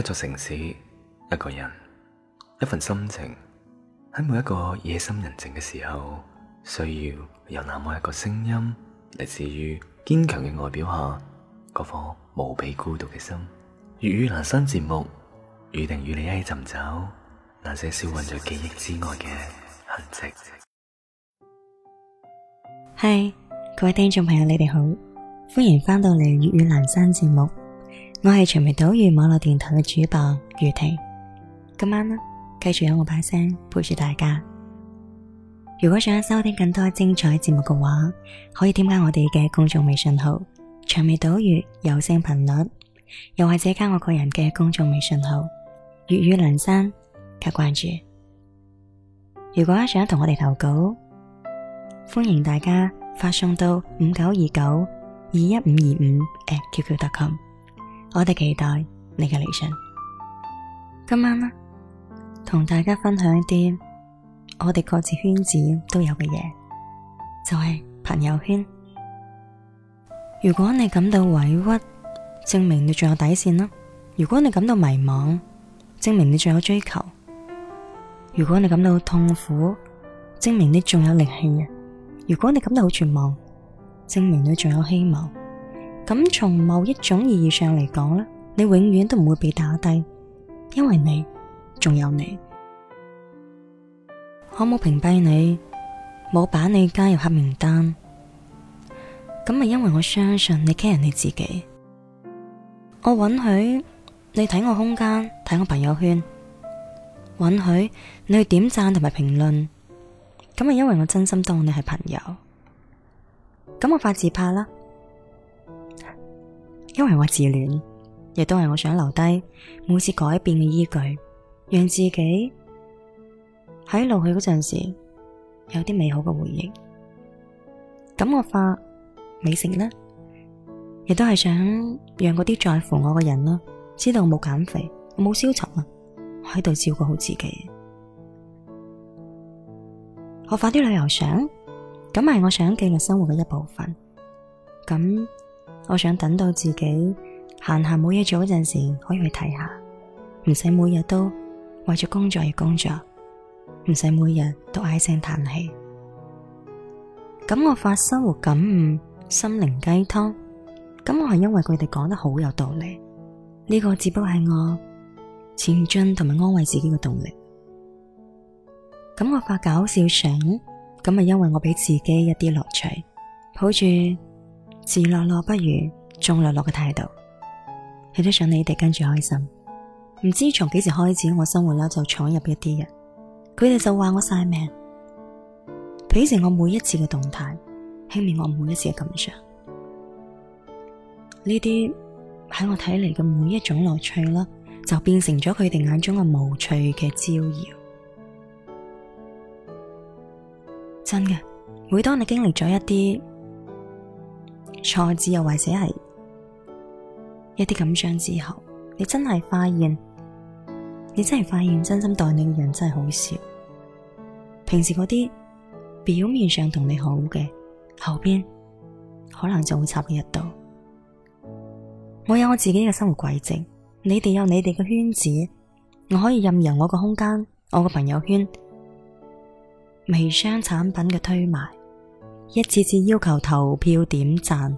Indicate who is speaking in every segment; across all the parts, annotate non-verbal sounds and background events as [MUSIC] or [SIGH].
Speaker 1: 一座城市，一個人，一份心情，喺每一個夜深人靜嘅時候，需要有那麼一個聲音，嚟自於堅強嘅外表下，嗰顆無比孤獨嘅心。粵語闌珊節目，預定與你一起尋找，那些消隱在記憶之外嘅痕跡。
Speaker 2: Hi，各位聽眾朋友，你哋好，歡迎翻到嚟粵語闌珊節目。我係長尾島嶼網絡電台嘅主播余婷，今晚呢繼續用我把聲陪住大家。如果想收聽更多精彩節目嘅話，可以添加我哋嘅公眾微信號“長尾島嶼有聲頻率”，又或者加我個人嘅公眾微信號“粵語梁山”加關注。如果想同我哋投稿，歡迎大家發送到五九二九二一五二五誒 QQ 特 com 我哋期待你嘅理想。今晚啦，同大家分享一啲我哋各自圈子都有嘅嘢，就係朋友圈。如果你感到委屈，證明你仲有底線啦；如果你感到迷茫，證明你仲有追求；如果你感到痛苦，證明你仲有力氣；如果你感到好絕望，證明你仲有希望。咁從某一種意義上嚟講咧，你永遠都唔會被打低，因為你仲有你。 [MUSIC] 我冇屏蔽你，冇把你加入黑名單，咁係因為我相信你 care 你自己。我允許你睇我空間，睇我朋友圈，允許你去點贊同埋評論，咁係因為我真心當你係朋友。咁我發自拍啦。因為我自戀，亦都係我想留低每次改變嘅依據，讓自己喺老去嗰陣時有啲美好嘅回憶。咁我發美食呢，亦都係想讓嗰啲在乎我嘅人啦，知道我冇減肥，我冇消沉啊，喺度照顧好自己。我發啲旅遊相，咁係我想記錄生活嘅一部分。咁。我想等到自己閒暇冇嘢做嗰陣時，可以去睇下，唔使每日都為咗工作而工作，唔使每日都唉聲嘆氣。咁我發生活感悟心靈雞湯，咁我係因為佢哋講得好有道理。呢個只不過係我前進同埋安慰自己嘅動力。咁我發搞笑相，咁係因為我俾自己一啲樂趣，抱住。獨樂樂不如眾樂樂嘅態度，係都想你哋跟住開心。唔知從幾時開始，我生活啦就闖入一啲人，佢哋就話我晒命，鄙視我每一次嘅動態，輕蔑我每一次嘅感想。呢啲喺我睇嚟嘅每一種樂趣啦，就變成咗佢哋眼中嘅無趣嘅招搖。真嘅，每當你經歷咗一啲，挫折又或者係一啲感傷之後，你真係發現，你真係發現真心待你嘅人真係好少。平時嗰啲表面上同你好嘅，後邊可能就會插佢一度。我有我自己嘅生活軌跡，你哋有你哋嘅圈子，我可以任由我個空間，我個朋友圈，微商產品嘅推賣。一次次要求投票點讚，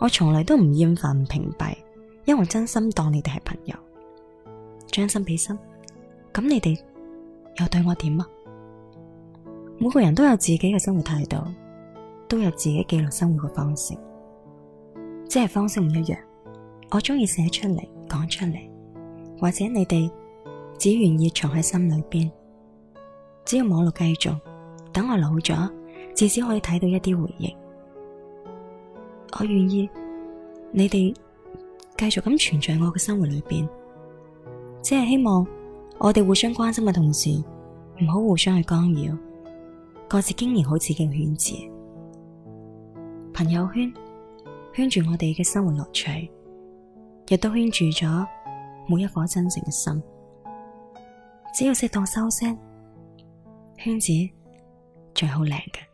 Speaker 2: 我從來都唔厭煩屏蔽，因為真心當你哋係朋友，將心比心，咁你哋又對我點啊？每個人都有自己嘅生活態度，都有自己記錄生活嘅方式，只係方式唔一樣。我中意寫出嚟，講出嚟，或者你哋只願意藏喺心裏邊。只要網絡繼續，等我老咗。至少可以睇到一啲回憶，我願意你哋繼續咁存在我嘅生活裏邊，只係希望我哋互相關心嘅同時，唔好互相去干擾，各自經營好自己嘅圈子。朋友圈圈住我哋嘅生活樂趣，亦都圈住咗每一顆真誠嘅心。只要適當收聲，圈子仲係好靚嘅。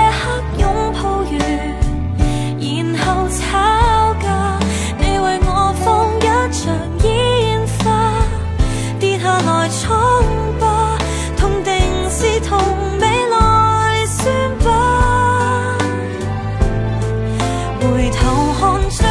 Speaker 1: 回頭看着。